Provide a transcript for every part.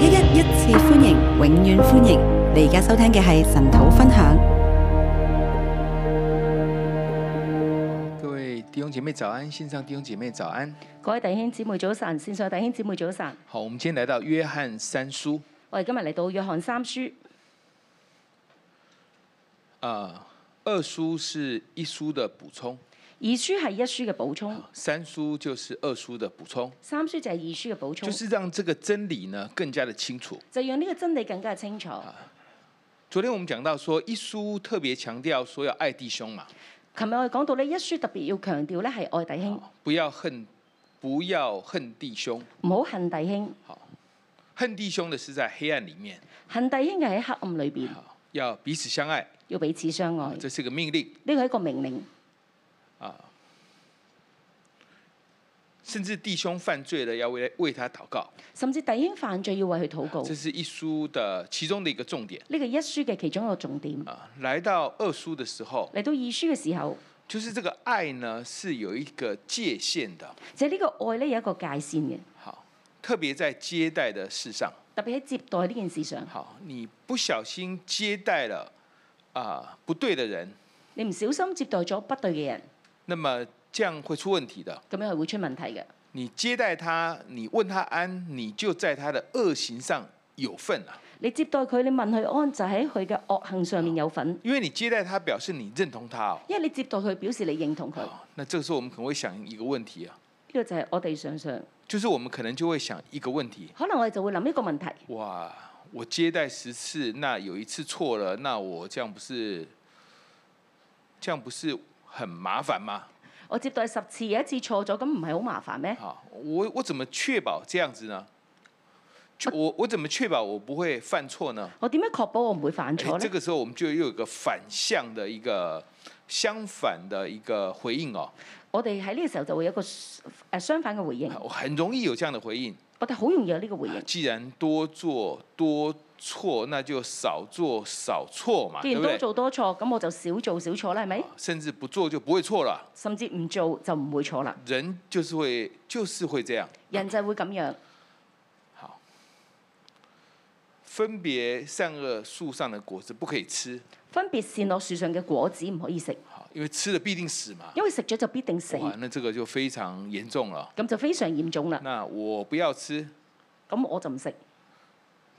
一一一次歡迎，永遠歡迎！你而家收聽嘅係神土分享。各位弟兄姐妹早安，線上弟兄姐妹早安。各位弟兄姊妹早晨，線上弟兄姊妹早晨。好，我們今日來到約翰三書。我哋今日嚟到約翰三書。啊、uh，二書是一書的補充。二書係一書嘅補充，三書就是二書的補充，三書就係二書嘅補充，就是讓這個真理呢更加的清楚，就讓呢個真理更加嘅清楚。昨天我們講到說一書特別強調說要愛弟兄嘛，琴日我哋講到呢一書特別要強調咧係愛弟兄，不要恨，不要恨弟兄，唔好恨弟兄，好，恨弟兄嘅是在黑暗裏面，恨弟兄嘅喺黑暗裏邊，要彼此相愛，要彼此相愛，這是個命令，呢個係一個命令。甚至弟兄犯罪了，要為為他禱告。甚至弟兄犯罪要為佢禱告。這是一書的其中的一個重點。呢個一書嘅其中一個重點。啊，來到二書的時候。嚟到二書嘅時候。就是這個愛呢，是有一個界限的。即呢個愛呢，有一個界限嘅。好。特別在接待的事上。特別喺接待呢件事上。好，你不小心接待了啊、呃、不對的人。你唔小心接待咗不對嘅人。那麼。這樣會出問題的。咁樣係會出問題嘅。你接待他，你問他安，你就在他的惡行上有份啦。你接待佢，你問佢安，就喺佢嘅惡行上面有份、哦。因為你接待他表示你認同他、哦。因為你接待佢表示你認同佢、哦。那這個時候我們可能會想一個問題啊。呢、這個就係我哋想常。就是我們可能就會想一個問題。可能我哋就會諗一個問題。哇！我接待十次，那有一次錯了，那我這樣不是，這樣不是很麻煩嗎？我接待十次，有一次錯咗，咁唔係好麻煩咩？我我怎麼確保這樣子呢？我我怎麼確保我不會犯錯呢？我點樣確保我唔會犯錯？咁，喺呢個時候，我們就又有一個誒反向嘅一個相反嘅回應。我哋喺呢個時候就會有一個相反嘅回應。我很容易有這樣的回應。我哋好容易有呢個回應。既然多做多。錯，那就少做少錯嘛。既然多做多錯，咁我就少做少錯啦，係咪？甚至不做就不會錯了。甚至唔做就唔會錯啦。人就是會，就是會這樣。人就會咁樣好。好，分別善惡樹上的果子不可以吃。分別善惡樹上嘅果子唔可以食。好，因為吃了必定死嘛。因為食咗就必定死。哇，那這個就非常嚴重啦。咁就非常嚴重啦。那我不要吃。咁我就唔食。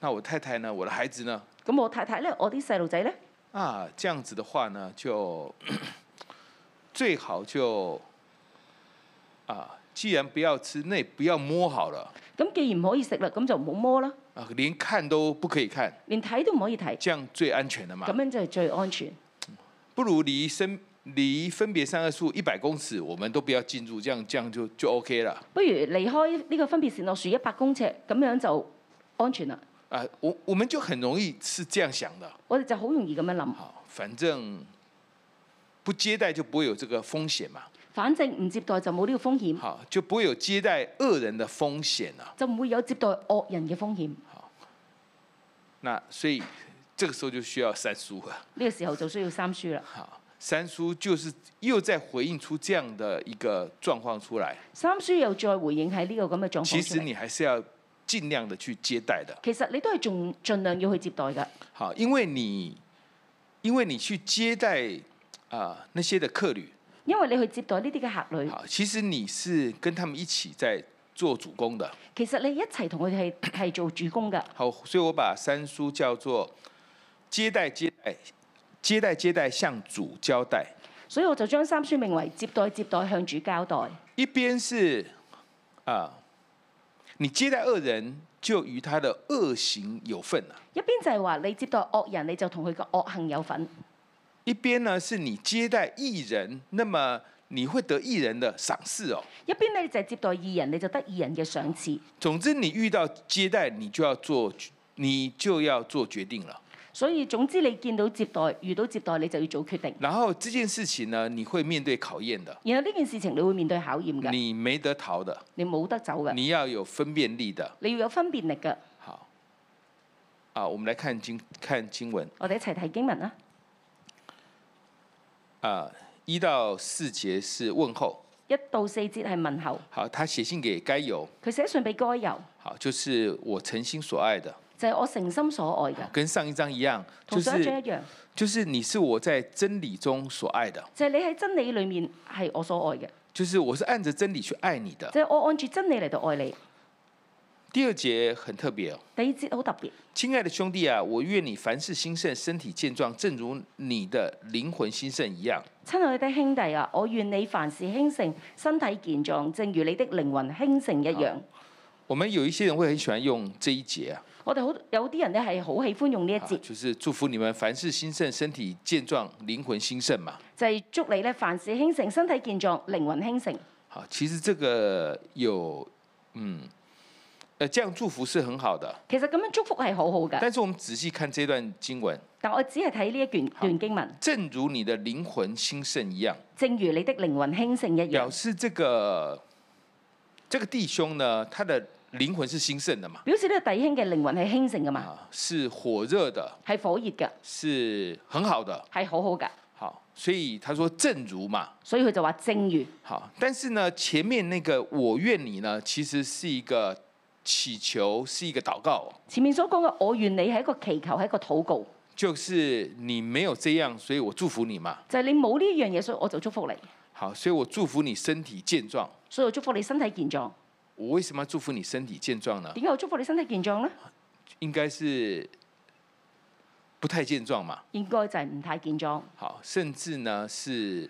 那我太太呢？我的孩子呢？咁我太太呢，我啲細路仔呢？啊，這樣子的話呢，就，咳咳。最好就啊，既然不要吃，那不要摸好了。咁既然唔可以食啦，咁就唔好摸啦。啊，連看都不可以看。連睇都唔可以睇，這樣最安全的嘛。咁樣就係最安全。不如離身，離分別三棵樹一百公尺，我們都不要進入，這樣，這樣就就 OK 啦。不如離開呢個分別線路樹一百公尺，咁樣就安全啦。我我們就很容易是這樣想的。我哋就好容易咁樣諗。好，反正不接待就不會有這個風險嘛。反正唔接待就冇呢個風險。好，就不會有接待惡人的風險啦。就唔會有接待惡人嘅風險。好，那所以這個時候就需要三叔啦。呢個時候就需要三叔啦。好，三叔就是又再回應出這樣的一個狀況出來。三叔又再回應喺呢個咁嘅狀況。其實你還是要。盡量的去接待的，其實你都係盡盡量要去接待嘅。好，因為你因為你去接待啊、呃、那些的客旅，因為你去接待呢啲嘅客旅。好，其實你是跟他們一起在做主工的。其實你一齊同佢哋係係做主工嘅。好，所以我把三書叫做接待接待接待接待向主交代。所以我就將三書名為接待接待，向主，接待，接待向主交代。一邊是啊。呃你接待惡人，就與他的惡行有份啊，一邊就係話，你接待惡人，你就同佢嘅惡行有份；一邊呢，是你接待異人，那麼你會得異人的賞賜哦。一邊呢就係接待異人，你就得異人嘅賞賜。總之，你遇到接待，你就要做，你就要做決定了。所以總之，你見到接待，遇到接待，你就要做決定。然後呢件事情呢，你會面對考驗的。然後呢件事情，你會面對考驗嘅。你沒得逃的。你冇得走嘅。你要有分辨力的。你要有分辨力嘅。好。啊，我們來看經看經文。我哋一齊睇經文啦。啊，一到四節是問候。一到四節係問候。好，他寫信給該猶。佢寫信俾該猶。好，就是我誠心所愛的。就係、是、我誠心所愛嘅，跟上一章一樣，同、就是、上一章一樣，就是你是我在真理中所愛的，就係、是、你喺真理裏面係我所愛嘅，就是我是按着真理去愛你的，即、就、係、是、我按住真理嚟到愛你。第二節很特別，第二節好特別，親愛的兄弟啊，我願你凡事興盛，身體健壯，正如你的靈魂興盛一樣。親愛的兄弟啊，我願你凡事興盛，身體健壯，正如你的靈魂興盛一樣。我們有一些人會很喜歡用這一節啊。我哋好有啲人呢係好喜歡用呢一節，就是祝福你們凡事興盛，身體健壯，靈魂興盛嘛。就係祝你呢，凡事興盛，身體健壯，靈魂興盛。好，其實這個有，嗯，誒，這樣祝福是很好的。其實咁樣祝福係好好㗎。但是我們仔細看這段經文。但我只係睇呢一段段經文。正如你的靈魂興盛一樣。正如你的靈魂興盛一樣。表示這個，這個弟兄呢，他的。靈魂是興盛的嘛，表示呢個弟兄嘅靈魂係興盛嘅嘛，是火熱的，係火熱嘅，是很好的，係好好噶。好，所以他說正如嘛，所以佢就話正如。好，但是呢，前面那個我願你呢，其實是一個祈求，是一個禱告。前面所講嘅我願你係一個祈求，係一個禱告。就是你沒有這樣，所以我祝福你嘛。就係你冇呢樣嘢，所以我就祝福你。好，所以我祝福你身體健壯。所以我祝福你身體健壯。我為什麼祝福你身體健壯呢？點解我祝福你身體健壯呢？應該是不太健壯嘛。應該就係唔太健壯。好，甚至呢是、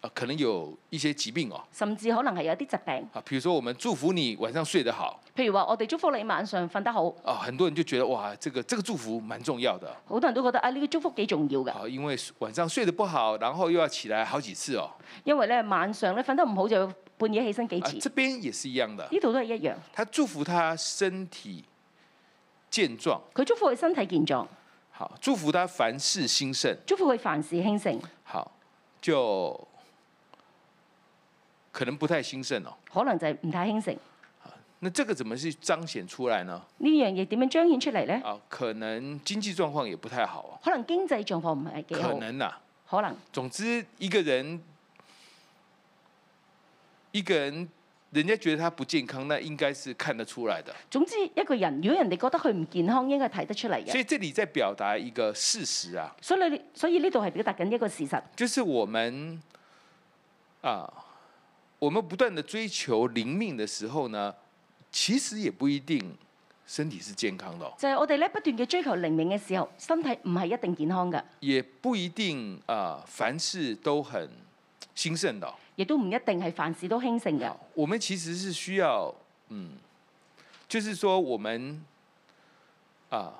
呃、可能有一些疾病哦。甚至可能係有啲疾病。啊，譬如說，我們祝福你晚上睡得好。譬如話，我哋祝福你晚上瞓得好。啊、哦，很多人就覺得哇，這個這個祝福蠻重要的。好多人都覺得啊，呢、這個祝福幾重要的啊，因為晚上睡得不好，然後又要起來好幾次哦。因為咧，晚上咧瞓得唔好就。半夜起身幾次？啊，這邊也是一樣的。呢度都係一樣。他祝福他身體健壯。佢祝福佢身體健壯。好，祝福他凡事興盛。祝福佢凡事興盛。好，就可能不太興盛哦。可能就係唔太興盛。那這個怎麼去彰顯出來呢？呢樣嘢點樣彰顯出嚟呢？啊，可能經濟狀況也不太好啊。可能經濟狀況唔係幾好。可能啦、啊。可能。總之一個人。一個人，人家覺得他不健康，那應該是看得出來的。總之，一個人如果人哋覺得佢唔健康，應該睇得出嚟嘅。所以這裏在表達一個事實啊。所以呢，所以呢度係表達緊一個事實。就是我們啊，我們不斷的追求靈命的時候呢，其實也不一定身體是健康的。就係、是、我哋咧不斷嘅追求靈命嘅時候，身體唔係一定健康噶。也不一定啊，凡事都很興盛咯。亦都唔一定係凡事都興盛嘅。我們其實是需要，嗯，就是說我們，啊，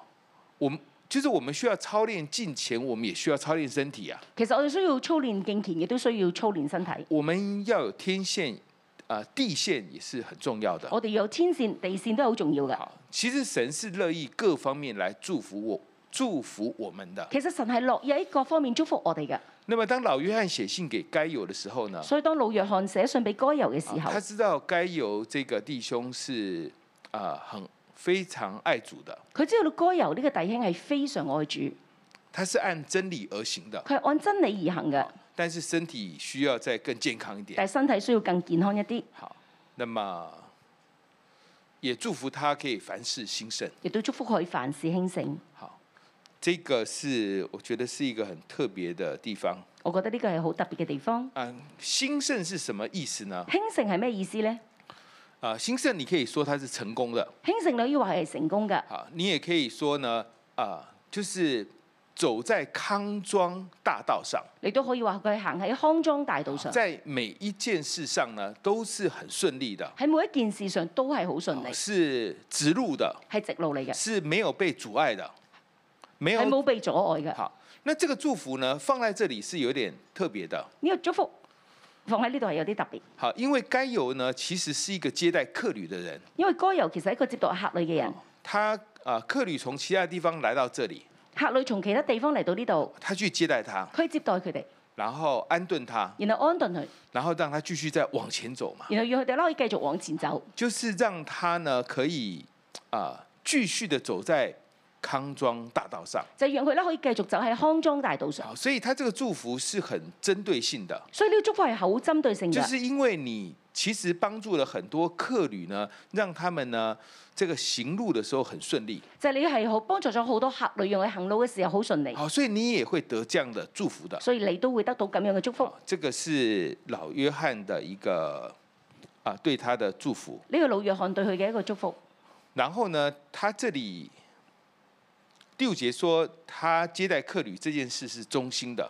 我，就是我們需要操練敬虔，我們也需要操練身體啊。其實我哋需要操練敬虔亦都需要操練身體。我們要有天線，啊，地線也是很重要的。我哋要有天線、地線都係好重要嘅。其實神是樂意各方面來祝福我、祝福我們的。其實神係樂意喺各方面祝福我哋嘅。那麼當老約翰寫信給該猶的時候呢？所以當老約翰寫信俾該猶嘅時候，他知道該猶這個弟兄是啊，很非常愛主的。佢知道該猶呢個弟兄係非常愛主。他是按真理而行的。佢係按真理而行嘅。但是身體需要再更健康一點。但身體需要更健康一啲。好，那麼也祝福他可以凡事興盛。亦都祝福佢凡事興盛。好。這個是我覺得是一個很特別的地方。我覺得呢個係好特別嘅地方。啊，興盛是什麼意思呢？興盛係咩意思呢？啊，興盛你可以說它是成功的。興盛你，以話係成功嘅。啊，你也可以說呢，啊，就是走在康莊大道上。你都可以話佢行喺康莊大道上。在每一件事上呢，都是很順利的。喺每一件事上都係好順利。是直路的，係直路嚟嘅，是沒有被阻礙的。係冇被阻礙嘅。好，那這個祝福呢，放在這裏是有點特別的。呢個祝福放喺呢度係有啲特別。好，因為該游呢其實是一個接待客旅嘅人。因為該游其實係一個接待客旅嘅人。哦、他啊、呃，客旅從其他地方來到這裏。客旅從其他地方嚟到呢度。他去接待他，可以接待佢哋，然後安頓他，然後安頓佢，然後讓他繼續再往前走嘛。然後讓佢哋可以繼續往前走。就是讓他呢可以啊繼、呃、續的走在。康莊大道上，就讓佢咧可以繼續走喺康莊大道上。哦、所以，他這個祝福是很針對性的。所以呢個祝福係好針對性嘅。就是因為你其實幫助了很多客旅呢，讓他們呢這個行路的時候很順利。就你係好幫助咗好多客旅，讓佢行路嘅時候好順利。好、哦，所以你也會得這樣的祝福的。所以你都會得到咁樣嘅祝福、哦。這個是老約翰的一個啊，對他的祝福。呢、這個老約翰對佢嘅一個祝福。然後呢，他這裏。第六節說他接待客旅這件事是忠心的。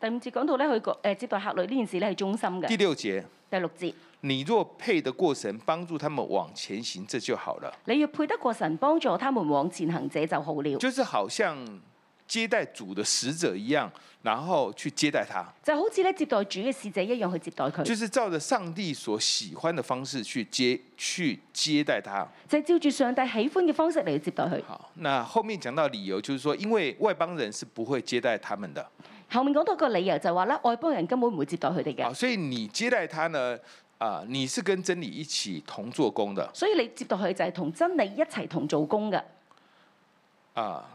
第五節講到咧，佢誒接待客旅呢件事咧係忠心嘅。第六節。第六節。你若配得過神，幫助他們往前行，這就好了。你要配得過神，幫助他們往前行，這就好了。就是好像。接待主的使者一樣，然後去接待他，就好似咧接待主嘅使者一樣去接待佢。就是照着上帝所喜歡的方式去接去接待他，就係、是、照住上帝喜歡嘅方式嚟接待佢。好，那後面講到理由，就是說因為外邦人是不會接待他們的。後面講到個理由就話咧，外邦人根本唔會接待佢哋嘅。所以你接待他呢，啊、呃，你是跟真理一起同做工的。所以你接待佢就係同真理一齊同做工嘅。啊。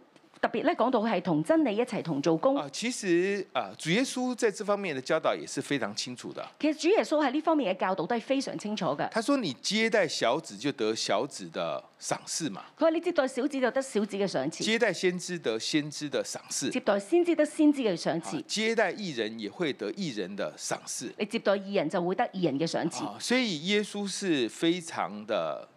特別咧講到佢係同真理一齊同做工。啊，其實啊，主耶穌在這方面的教導也是非常清楚的。其實主耶穌喺呢方面嘅教導都係非常清楚嘅。佢說你接待小子就得小子的賞賜嘛。佢話：「你接待小子就得小子嘅賞賜。」接待先知得先知的賞賜。接待先知得先知嘅賞賜，啊。接待義人也會得義人的賞賜。你接待義人就會得義人嘅賞賜，啊。所以耶穌是非常的。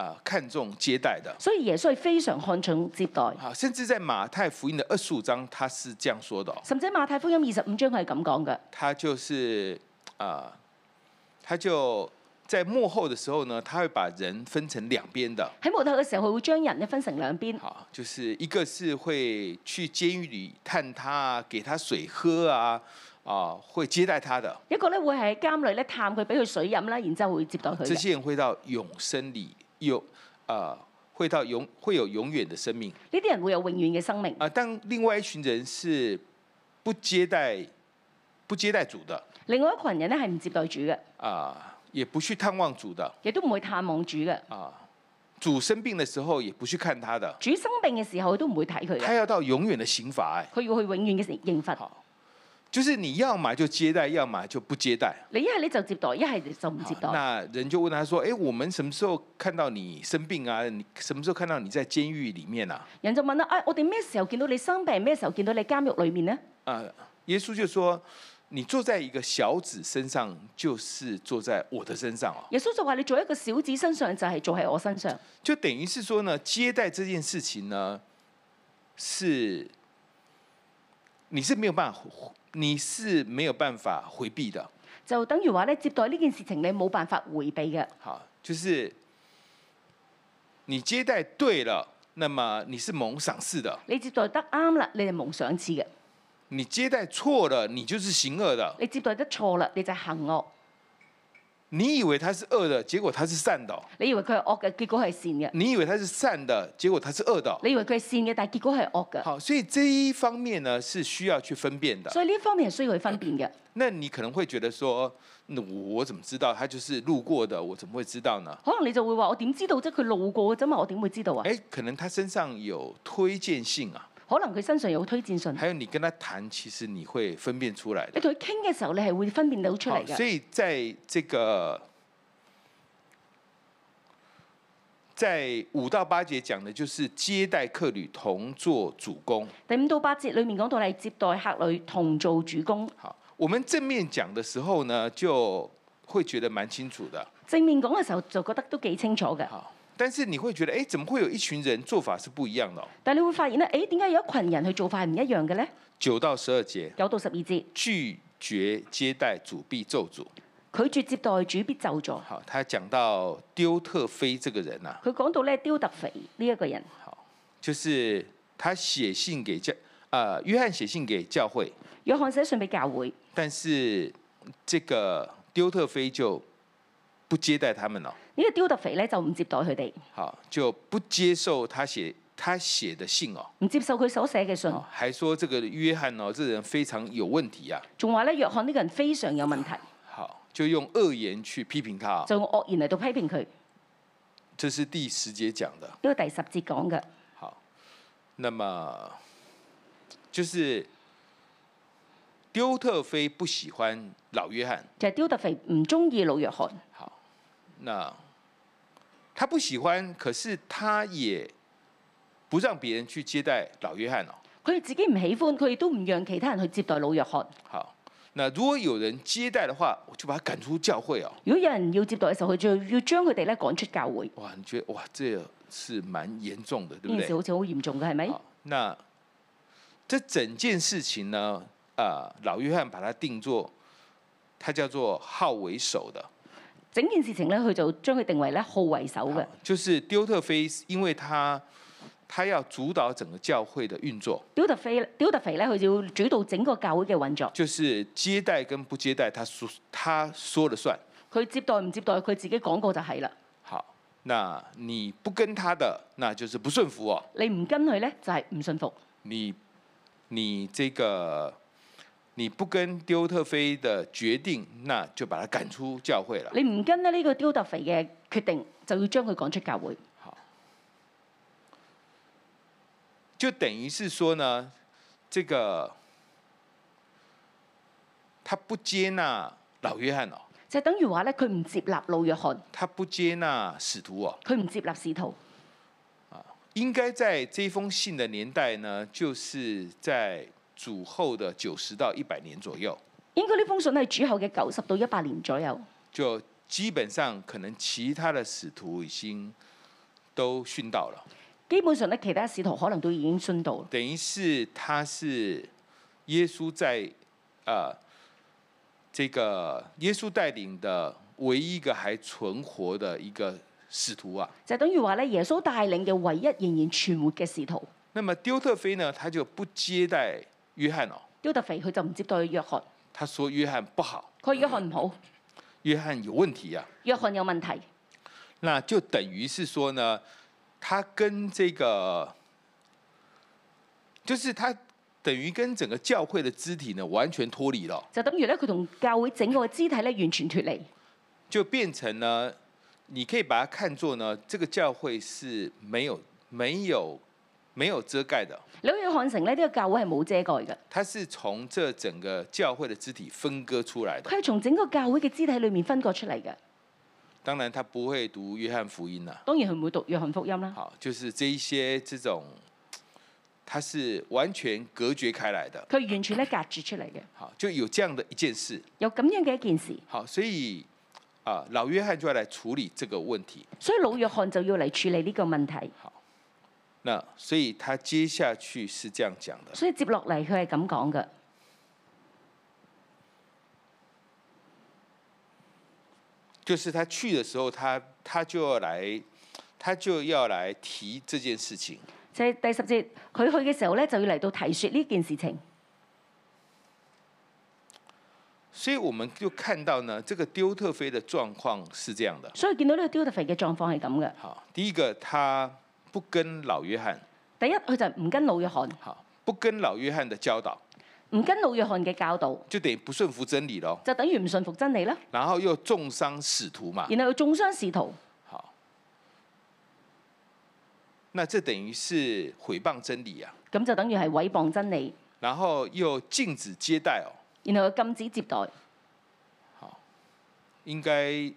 啊，看重接待的，所以耶穌非常看重接待，甚至在馬太福音的二十五章，他是這樣說的。甚至馬太福音二十五章係咁講嘅，他就是啊，他就在末後嘅時候呢，他會把人分成兩邊的。喺末後嘅時候，佢會將人呢分成兩邊。好，就是一個是會去監獄裏探他啊，給他水喝啊，啊，會接待他的。一個咧會係監獄裏探佢，俾佢水飲啦，然之後會接待佢。這些人會到永生裏。有啊、呃，會到永會有永遠的生命。呢啲人會有永遠嘅生命啊！但另外一群人是不接待不接待主的。另外一群人咧係唔接待主嘅。啊、呃，也不去探望主的。亦都唔會探望主嘅。啊、呃，主生病的時候也不去看他的。主生病嘅時候都唔會睇佢。他要到永遠的刑罰。佢要去永遠嘅刑刑罰。就是你要嘛就接待，要嘛就不接待。你一係你就接待，一係就唔接待、啊。那人就問他說：“哎，我們什麼時候看到你生病啊？你什麼時候看到你在監獄裏面啊？”人就問啦：“哎，我哋咩時候見到你生病？咩時候見到你監獄裏面呢？”啊，耶穌就說：“你坐在一個小子身上，就是坐在我的身上啊。”耶穌就話：“你做一個小子身上，就係做喺我身上。就”就等於是說呢，接待這件事情呢，是你是沒有辦法。你是沒有辦法回避的，就等於話咧接待呢件事情你冇辦法回避嘅。好，就是你接待對了，那麼你是蒙賞賜的。你接待得啱啦，你係蒙賞賜嘅。你接待錯了，你就是行惡的。你接待得錯啦，你就是行惡。你以，哦、你以為他是惡的，結果他是善的。你以為佢係惡嘅，結果係善嘅。你以為他是善的，結果他是惡的，哦。你以為佢係善嘅，但係結果係惡嘅。好，所以呢一方面呢，是需要去分辨的。所以呢方面係需要去分辨嘅，嗯。那你可能會覺得說，說我我怎麼知道他就是路過的？我怎麼會知道呢？可能你就會話：我點知道即係？佢路過嘅啫嘛，我點會知道啊？誒、欸，可能他身上有推薦信啊。可能佢身上有推薦信。還有你跟他談，其實你會分辨出來的。你同佢傾嘅時候，你係會分辨到出嚟嘅。所以，在這個在五到八節講的，就是接待客旅同做主工。第五到八節裡面講到嚟接待客旅同做主工。好，我們正面講的時候呢，就會覺得蠻清楚的。正面講嘅時候就覺得都幾清楚嘅。但是你會覺得，誒，怎麼會有一群人做法是不一樣的？但你會發現咧，誒，點解有一群人去做法係唔一樣嘅呢？九到十二節，九到十二節拒絕接待主必咒詛，拒絕接待主必咒詛。好，他講到丟特腓這個人啊，佢講到咧丟特腓呢一個人，好，就是他寫信給教，啊、呃，約翰寫信給教會，約翰寫信俾教會，但是這個丟特腓就不接待他們咯。呢、這個刁特肥咧就唔接待佢哋，好，就不接受他寫他寫的信哦，唔接受佢所寫嘅信，哦，還說這個約翰哦，這個，人非常有問題啊，仲話咧約翰呢個人非常有問題，好，好就用惡言去批評他，哦，就用惡言嚟到批評佢，這是第十節講的，呢、這個第十節講嘅，好，那麼就是丟特飛不喜歡老約翰，就係，是、丟特肥唔鍾意老約翰，好，那。他不喜歡，可是他也不讓別人去接待老約翰哦。佢自己唔喜歡，佢亦都唔讓其他人去接待老約翰。好，那如果有人接待的話，我就把他趕出教會哦。如果有人要接待的時候，他就要，要將他哋咧趕出教會。哇，你覺得哇，這是蠻嚴重的，對不對？呢件事好似好嚴重噶，係咪？那這整件事情呢？啊、呃，老約翰把他定做，他叫做好為首的。整件事情咧，佢就將佢定為咧號為首嘅。就是丟特腓，因為他他要主導整個教會的運作。丟特腓，丟特腓咧，佢就要主導整個教會嘅運作。就是接待跟不接待，他說，他說了算。佢接待唔接待，佢自己講過就係啦。好，那你不跟他的，那就是不順服哦。你唔跟佢咧，就係唔順服。你你這個。你不跟丟特腓的決定，那就把他趕出教會了。你唔跟呢？呢個丟特腓嘅決定就要將佢趕出教會。好，就等於是說呢，這個他不接納老約翰咯。就等於話咧，佢唔接納老約翰。他不接納使徒啊。佢唔接納使徒。啊，應該在這封信的年代呢，就是在。主後的九十到一百年左右，應該呢封信呢是主後嘅九十到一百年左右，就基本上可能其他的使徒已經都殉道了。基本上呢，其他使徒可能都已經殉道了。等於是他是耶穌在啊、呃、這個耶穌帶領的唯一一個還存活的一個使徒啊。就是、等於話呢，耶穌帶領嘅唯一仍然存活嘅使徒。那麼丟特腓呢，他就不接待。約翰哦，丟特腓，佢就唔接待約翰。他說約翰不好。佢約翰唔好。約翰有問題啊，約翰有問題，那就等於是說呢，他跟這個，就是他等於跟整個教會的肢體呢，完全脱離了。就等於呢，佢同教會整個肢體呢完全脱離，就變成呢，你可以把它看作呢，這個教會是沒有沒有。沒有遮蓋的。老約翰城呢，呢個教會係冇遮蓋嘅。它是從這整個教會的肢體分割出來的。佢係從整個教會嘅肢體裏面分割出嚟嘅。當然，他不會讀約翰福音啦。當然佢唔會讀約翰福音啦。好，就是這一些這種，它是完全隔絕開來的。佢完全咧隔絕出嚟嘅。好，就有這樣的一件事。有咁樣嘅一件事。好，所以啊，老約翰就要來處理這個問題。所以老約翰就要嚟處理呢個問題。那、no, 所以他接下去是這樣講的，所以接落嚟佢係咁講嘅，就是他去嘅時候，他他就要來，他就要來提這件事情。即係第十節，佢去嘅時候呢，就要嚟到提說呢件事情。所以我們就看到呢，這個丟特菲的狀況，是這樣的。所以見到呢個丟特菲嘅狀況，係咁嘅。好，第一個，他。不跟，不跟老約翰，第一佢就唔跟老約翰，好，不跟老約翰嘅教導，唔跟老約翰嘅教導，就等於不順服真理咯，就等於唔順服真理啦。然後又中傷使徒嘛，然後又中傷使徒，好，那這等於是毀謗真理啊，咁就等於係毀謗真理。然後又禁止接待哦，然後又禁止接待，好，應該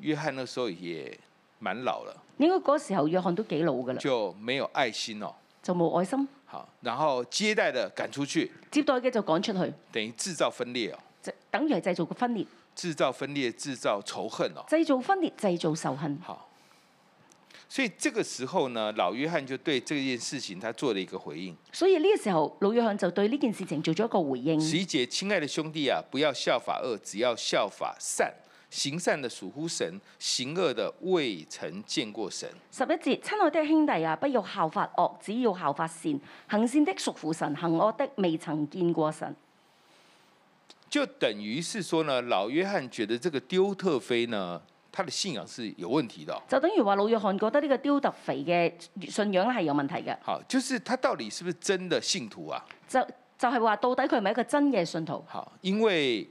約翰那時候也蠻老了。應該嗰時候約翰都幾老嘅啦，就沒有愛心咯，哦，就冇愛心。好，然後接待的趕出去，接待嘅就趕出去，等於製造分裂哦，製等於係製造個分裂，製造分裂，製造仇恨咯，製造分裂，哦，製造仇恨。好，所以這個時候呢，老約翰就對呢件事情他做咗一個回應。所以呢個時候，老約翰就對呢件事情做咗一個回應。十一節，親愛的兄弟啊，不要效法惡，只要效法善。行善的屬乎神，行惡的未曾見過神。十一節，親愛的兄弟啊，不要效法惡，只要效法善。行善的屬乎神，行惡的未曾見過神。就等於是說呢，老約翰覺得這個丟特腓呢，他的信仰是有問題的。就等於話老約翰覺得呢個丟特腓嘅信仰係有問題嘅。好，就是他到底是不是真的信徒啊？就就係話到底佢係咪一個真嘅信徒？好，因為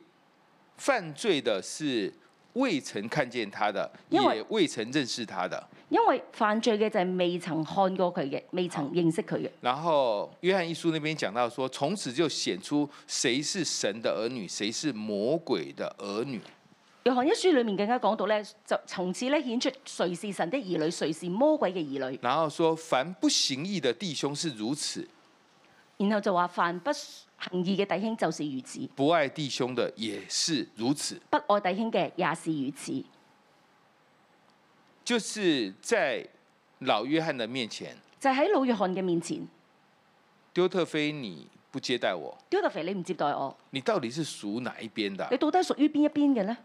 犯罪的是。未曾看見他的，也未曾認識他的。因為，因為犯罪嘅就係未曾看過佢嘅，未曾認識佢嘅。然後《約翰一書》嗰邊講到，說從此就顯出誰是神的兒女，誰是魔鬼的兒女。《約翰一書》裡面更加講到咧，就從此咧顯出誰是神的兒女，誰是魔鬼嘅兒女。然後說凡不行義的弟兄是如此。然後就話凡不行義嘅弟兄就是如此，不愛弟兄的也是如此，不愛弟兄嘅也是如此。就是在老約翰的面前，就喺老約翰嘅面前，丟特飛，你不接待我，丟特飛，你唔接待我，你到底是屬哪一邊的啊？你到底屬於邊一邊嘅呢？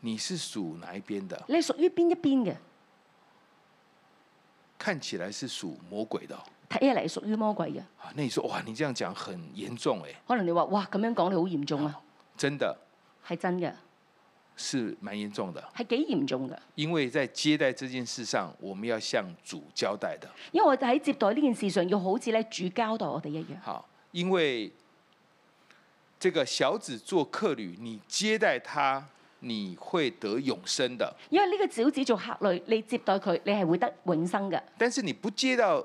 你是屬哪一邊的？你屬於邊一邊嘅？看起來是屬魔鬼的。耶利係屬於魔鬼嘅。啊，那你說哇，你這樣講很嚴重誒。可能你話哇，咁樣講你好嚴重啊、哦。真的。係真嘅。是蠻嚴重的。係幾嚴重嘅。因為在接待這件事上，我們要向主交代的。因為我喺接待呢件事上，要好似咧主交代我哋一樣。好，因為這個小子做客旅，你接待他，你會得永生的。因為呢個小子做客旅，你接待佢，你係會得永生嘅。但是你不接到。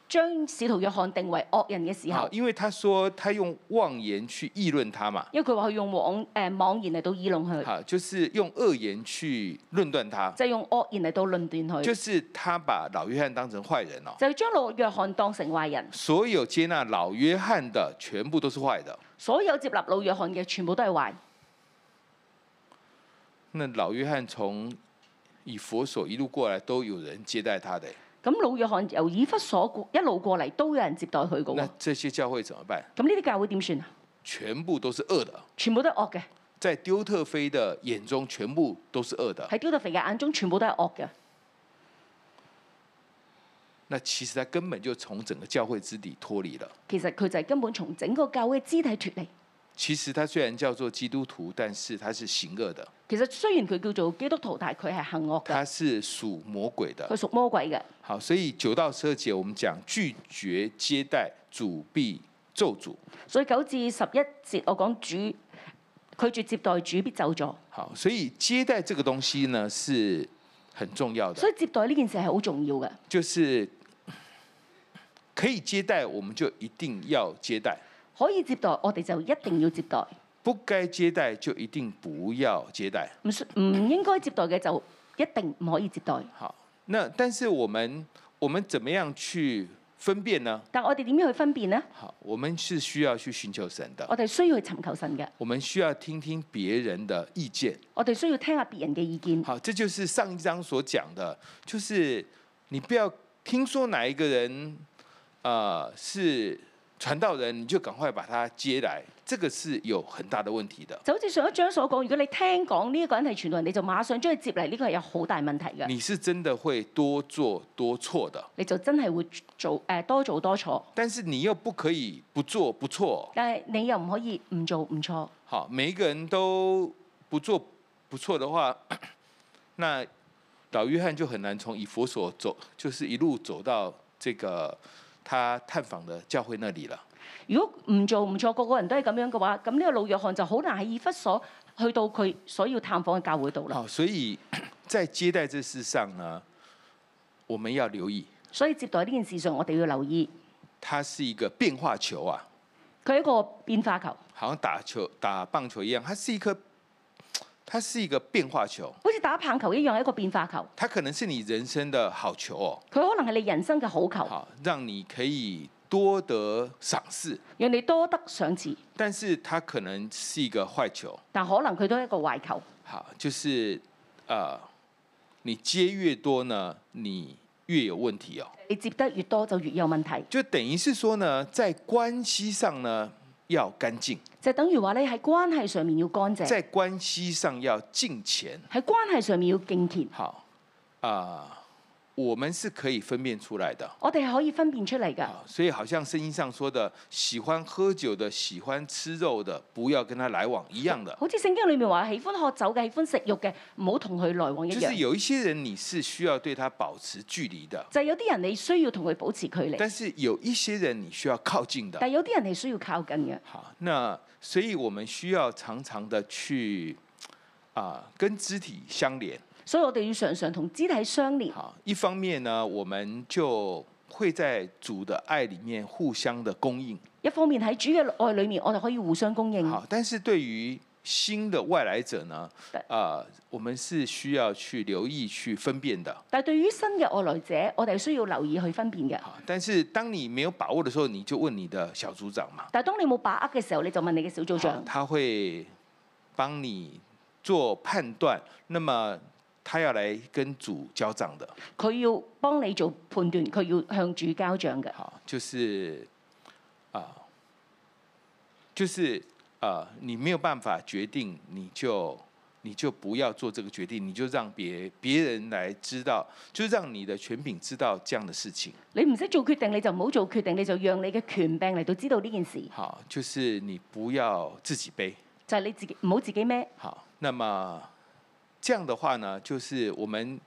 將使徒約翰定為惡人嘅時候，因為他說他用妄言去議論他嘛。因為佢話佢用妄誒妄言嚟到議論佢。好，就是用惡言去論斷他。就是、用惡言嚟到論斷佢。就是他把老約翰當成壞人咯、哦。就將老約翰當成壞人。所有接納老約翰的，全部都是壞的。所有接納老約翰嘅，全部都係壞。那老約翰從以佛所一路過來，都有人接待他的。咁老約翰由以弗所一路過嚟都有人接待佢嘅喎。那這些教會怎麼辦？咁呢啲教會點算啊？全部都是惡的。全部都係惡嘅。在丟特菲嘅眼中，全部都是惡的。喺丟特菲嘅眼中，全部都係惡嘅。那其實佢根本就從整個教會之底脫離了。其實佢就係根本從整個教會嘅肢體脫離。其實他雖然叫做基督徒，但是他是行惡的。其實雖然佢叫做基督徒，但係佢係行惡的。他是屬魔鬼的。佢屬魔鬼嘅。好，所以九到十二節，我們講拒絕接待主必咒詛。所以九至十一節，我講主拒絕接待主必咒詛。好，所以接待這個東西呢，是很重要的。所以接待呢件事係好重要嘅。就是可以接待，我們就一定要接待。可以接待，我哋就一定要接待，不該接待就一定不要接待。唔唔應該接待嘅就一定唔可以接待。好，那但是我們我們怎麼樣去分辨呢？但係我哋點樣去分辨呢？好，我們是需要去尋求神的。我哋需要去尋求神嘅。我們需要聽聽別人嘅意見。我哋需要聽下別人嘅意見。好，這就是上一章所講的，就是你不要聽說哪一個人啊、呃、是。.傳道人你就趕快把他接來，這個是有很大的問題的。就好似上一章所講，如果你聽講呢一個人係傳道人，你就馬上將佢接嚟，呢個係有好大問題嘅。你是真的會多做多錯的。你就真係會做誒多做多錯。但是你又不可以不做不錯。但係你又唔可以唔做唔錯。好，每一個人都不做不錯的話，那老約翰就很難從以弗所走，就是一路走到這個。他探訪的教會那裡了。如果唔做唔錯，個個人都係咁樣嘅話，咁呢個老約翰就好難喺以弗所去到佢所要探訪嘅教會度啦。哦，所以在接待這事上呢，我們要留意。所以接待呢件事上，我哋要留意。它是一個變化球啊！佢一個變化球，好像打球打棒球一樣，它是一顆。它是一個變化球，好似打棒球一樣，一個變化球。它可能是你人生的好球哦，佢可能係你人生嘅好球，好，讓你可以多得賞識，讓你多得賞賜。但是它可能是一個壞球，但可能佢都係一個壞球。好，就是，呃，你接越多呢，你越有問題哦。你接得越多就越有問題，就等於是說呢，在關係上呢。要乾淨，就等於話咧，喺關係上面要乾淨，在關係上要敬虔，喺關係上面要敬虔。好啊。我們是可以分辨出來的，我哋係可以分辨出嚟噶。所以好像聖經上說的，喜歡喝酒的、喜歡吃肉的，不要跟他來往一樣的。好似聖經裏面話，喜歡喝酒嘅、喜歡食肉嘅，唔好同佢來往一樣。就是有一些人，你是需要對他保持距離的。就有啲人你需要同佢保持距離，但是有一些人你需要靠近的。但有啲人你需要靠近嘅。好，那所以我們需要常常的去，啊，跟肢體相連。所以我哋要常常同肢體相連。好，一方面呢，我們就會在主的愛裏面互相的供應；一方面喺主嘅愛裏面，我哋可以互相供應。好，但是對於新的外來者呢？啊，我們是需要去留意去分辨的。但對於新嘅外來者，我哋需要留意去分辨嘅。但是當你沒有把握嘅時候，你就問你的小組長嘛。但當你冇把握嘅時候，你就問你嘅小組長，佢會幫你做判斷。那麼他要來跟主交賬的，佢要幫你做判斷，佢要向主交賬嘅。好，就是啊、呃，就是啊、呃，你沒有辦法決定，你就你就不要做這個決定，你就讓別別人來知道，就是讓你的權柄知道這樣的事情。你唔識做決定，你就唔好做決定，你就讓你嘅權柄嚟到知道呢件事。好，就是你不要自己背，就係、是、你自己唔好自己孭。好，那麼。這樣的話呢，就是我們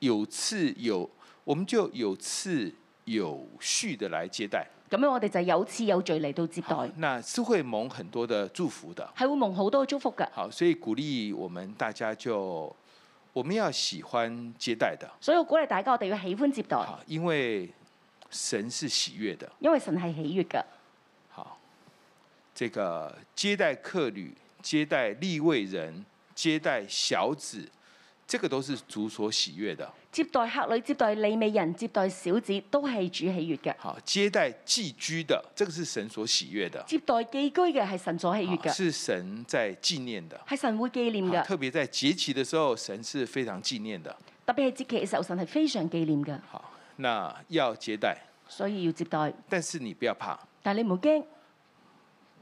有次有，我們就有次有序的來接待。咁樣，我哋就有次有序嚟到接待。好，那是會蒙很多的祝福的。係會蒙好多的祝福嘅。好，所以鼓勵我們大家就，我們要喜歡接待的。所以我鼓勵大家，我哋要喜歡接待。好，因為神是喜悅的。因為神係喜悅嘅。好，這個接待客旅，接待利未人。接待小子，這個都是主所喜悅的。接待客女、接待利未人、接待小子，都係主喜悅嘅。好，接待寄居的，這個是神所喜悅的。接待寄居嘅係神所喜悅嘅。是神在紀念的，係神會紀念嘅。特別在節期的時候，神是非常紀念的。特別係節期嘅時候，神係非常紀念嘅。好，那要接待，所以要接待，但是你不要怕，但係你唔好驚，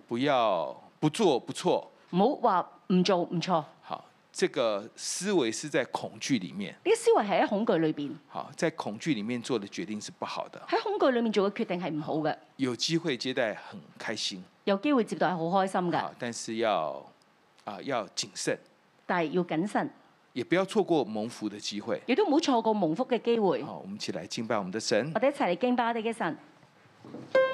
不要不做不錯，唔好話。唔做唔錯，好，這個思維是在恐懼裏面。呢個思維係喺恐懼裏邊。好，在恐懼裏面做的決定是不好的。喺恐懼裏面做嘅決定係唔好嘅。有機會接待很開心。有機會接待係好開心嘅。好，但是要啊、呃、要謹慎。但係要謹慎。也不要錯過蒙福的機會。亦都唔好錯過蒙福嘅機會。好，我們一起來敬拜我們的神。我哋一齊嚟敬拜我哋嘅神。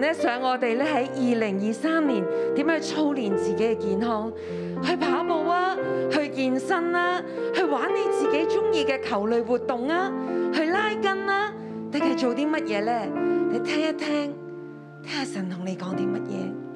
咧想我哋咧喺二零二三年點樣去操練自己嘅健康，去跑步啊，去健身啦，去玩你自己中意嘅球類活動啊，去拉筋啦，定係做啲乜嘢咧？你聽一聽，聽下神同你講啲乜嘢。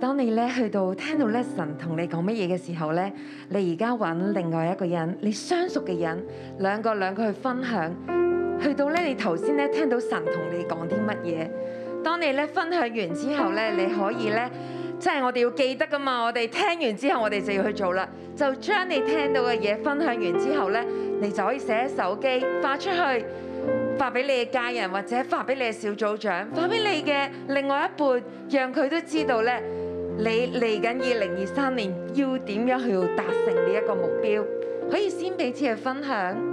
當你咧去到聽到神同你講乜嘢嘅時候咧，你而家揾另外一個人，你相熟嘅人，兩個兩個去分享。去到咧，你頭先咧聽到神同你講啲乜嘢，當你咧分享完之後咧，你可以咧，即係我哋要記得噶嘛，我哋聽完之後我哋就要去做啦。就將你聽到嘅嘢分享完之後咧，你就可以寫手機發出去，發俾你嘅家人或者發俾你嘅小組長，發俾你嘅另外一半，讓佢都知道咧。你嚟緊二零二三年要點樣去達成呢一個目標？可以先彼此去分享。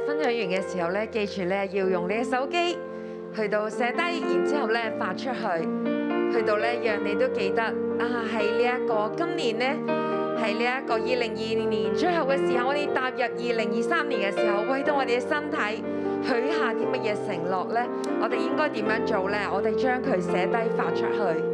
分享完嘅時候咧，記住咧要用你嘅手機去到寫低，然之後咧發出去，去到咧讓你都記得啊！喺呢一個今年咧，喺呢一個二零二零年最後嘅時候，我哋踏入二零二三年嘅時候，為到我哋嘅身體許下啲乜嘢承諾呢？我哋應該點樣做呢？我哋將佢寫低發出去。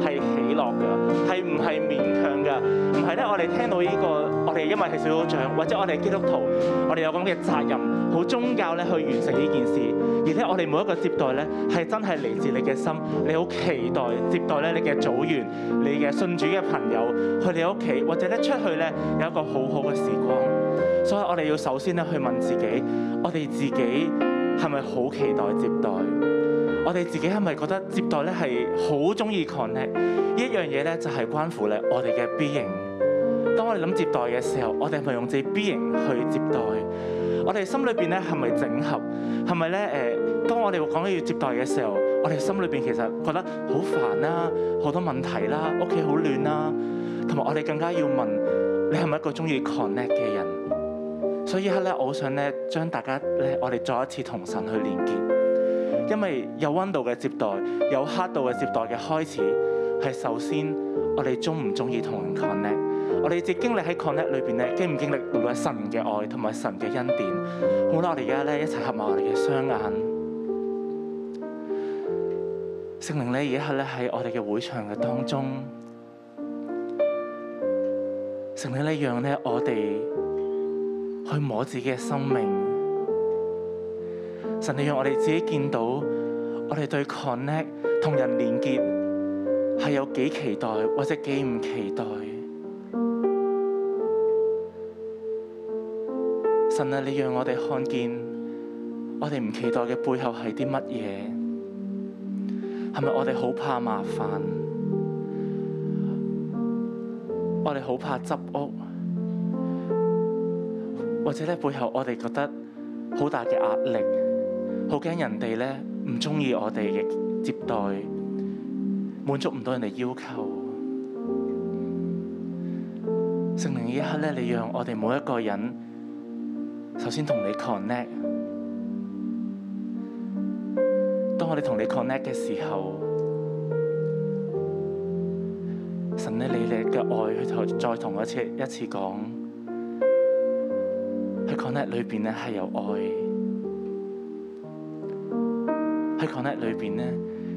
係喜樂噶，係唔係勉強噶？唔係咧，我哋聽到呢個，我哋因為係小組長，或者我哋基督徒，我哋有咁嘅責任，好宗教咧去完成呢件事。而且我哋每一個接待咧，係真係嚟自你嘅心，你好期待接待咧你嘅組員、你嘅信主嘅朋友去你屋企，或者咧出去咧有一個好好嘅時光。所以我哋要首先咧去問自己，我哋自己係咪好期待接待？我哋自己係咪覺得接待咧係好中意 connect 呢一樣嘢咧？就係關乎咧我哋嘅 B 型。當我哋諗接待嘅時候，我哋係咪用自己 B 型去接待？我哋心裏邊咧係咪整合？係咪咧誒？當我哋講緊要接待嘅時候，我哋心裏邊其實覺得好煩啦，好多問題啦，屋企好亂啦，同埋我哋更加要問你係咪一個中意 connect 嘅人？所以依刻咧，我好想咧將大家咧，我哋再一次同神去連結。因為有温度嘅接待，有黑度嘅接待嘅開始，係首先我哋中唔中意同人 connect，我哋至經歷喺 connect 裏邊咧，經唔經歷到啊神嘅愛同埋神嘅恩典？好啦，我哋而家咧一齊合埋我哋嘅雙眼，聖靈呢而家咧喺我哋嘅會場嘅當中，聖靈呢讓咧我哋去摸自己嘅生命。神，你讓我哋自己見到我哋對 connect 同人連結係有幾期待，或者幾唔期待？神啊，你讓我哋看見我哋唔期待嘅背後係啲乜嘢？係咪我哋好怕麻煩，我哋好怕執屋，或者咧背後我哋覺得好大嘅壓力。好驚人哋咧唔中意我哋嘅接待，滿足唔到人哋要求。聖靈呢一刻咧，你讓我哋每一個人首先同你 connect。當我哋同你 connect 嘅時候，神咧你嘅愛去再同我一次一次講，去 connect 裏面咧係有愛。喺 connect 裏邊呢，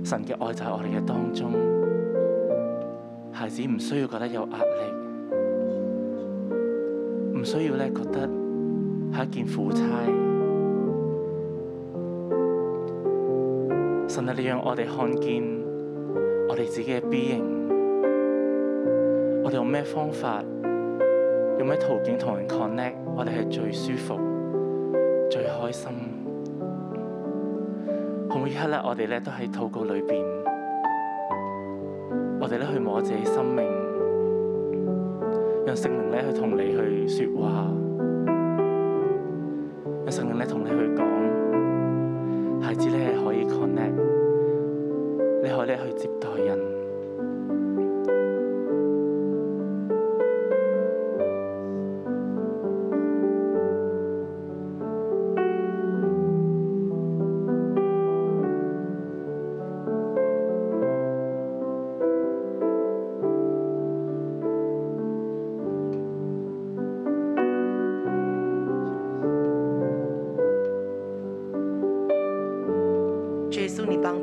神嘅愛就係我哋嘅當中，孩子唔需要覺得有壓力，唔需要咧覺得係一件苦差。神啊，你讓我哋看見我哋自己嘅 being，我哋用咩方法、用咩途徑同人 connect，我哋係最舒服、最開心。每一刻咧，我哋咧都喺禱告裏邊，我哋咧去摸自己生命，用聖靈咧去同你去說話，用聖靈咧同你去講，孩子咧可以 connect，你可以去接待人。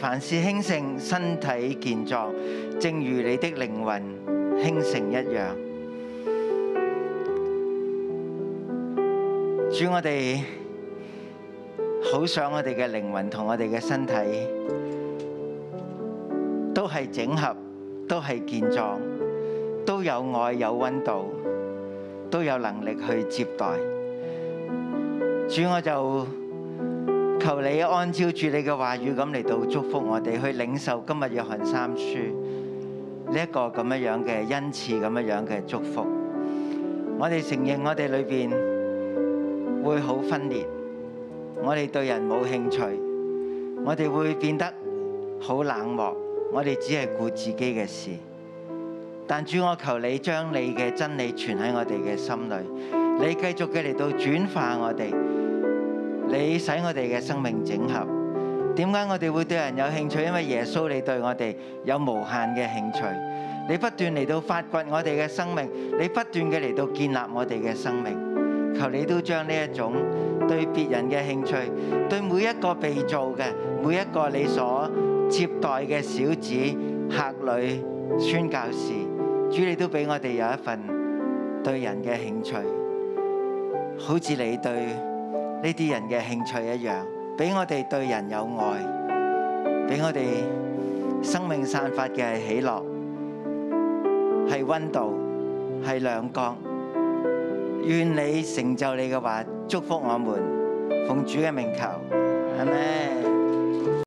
凡事興盛，身體健壯，正如你的靈魂興盛一樣。主，我哋好想我哋嘅靈魂同我哋嘅身體都係整合，都係健壯，都有愛，有溫度，都有能力去接待。主，我就。求你按照住你嘅話語咁嚟到祝福我哋，去領受今日約翰三書呢一個咁樣樣嘅恩賜，咁樣樣嘅祝福。我哋承認我哋裏邊會好分裂，我哋對人冇興趣，我哋會變得好冷漠，我哋只係顧自己嘅事。但主我求你將你嘅真理存喺我哋嘅心裏，你繼續嘅嚟到轉化我哋。你使我哋嘅生命整合。點解我哋會對人有興趣？因為耶穌你對我哋有無限嘅興趣。你不斷嚟到發掘我哋嘅生命，你不斷嘅嚟到建立我哋嘅生命。求你都將呢一種對別人嘅興趣，對每一個被造嘅，每一個你所接待嘅小子、客旅、宣教士，主你都俾我哋有一份對人嘅興趣，好似你對。呢啲人嘅興趣一樣，俾我哋對人有愛，俾我哋生命散發嘅係喜樂，係溫度，係亮光。願你成就你嘅話，祝福我們，奉主嘅名求，阿們。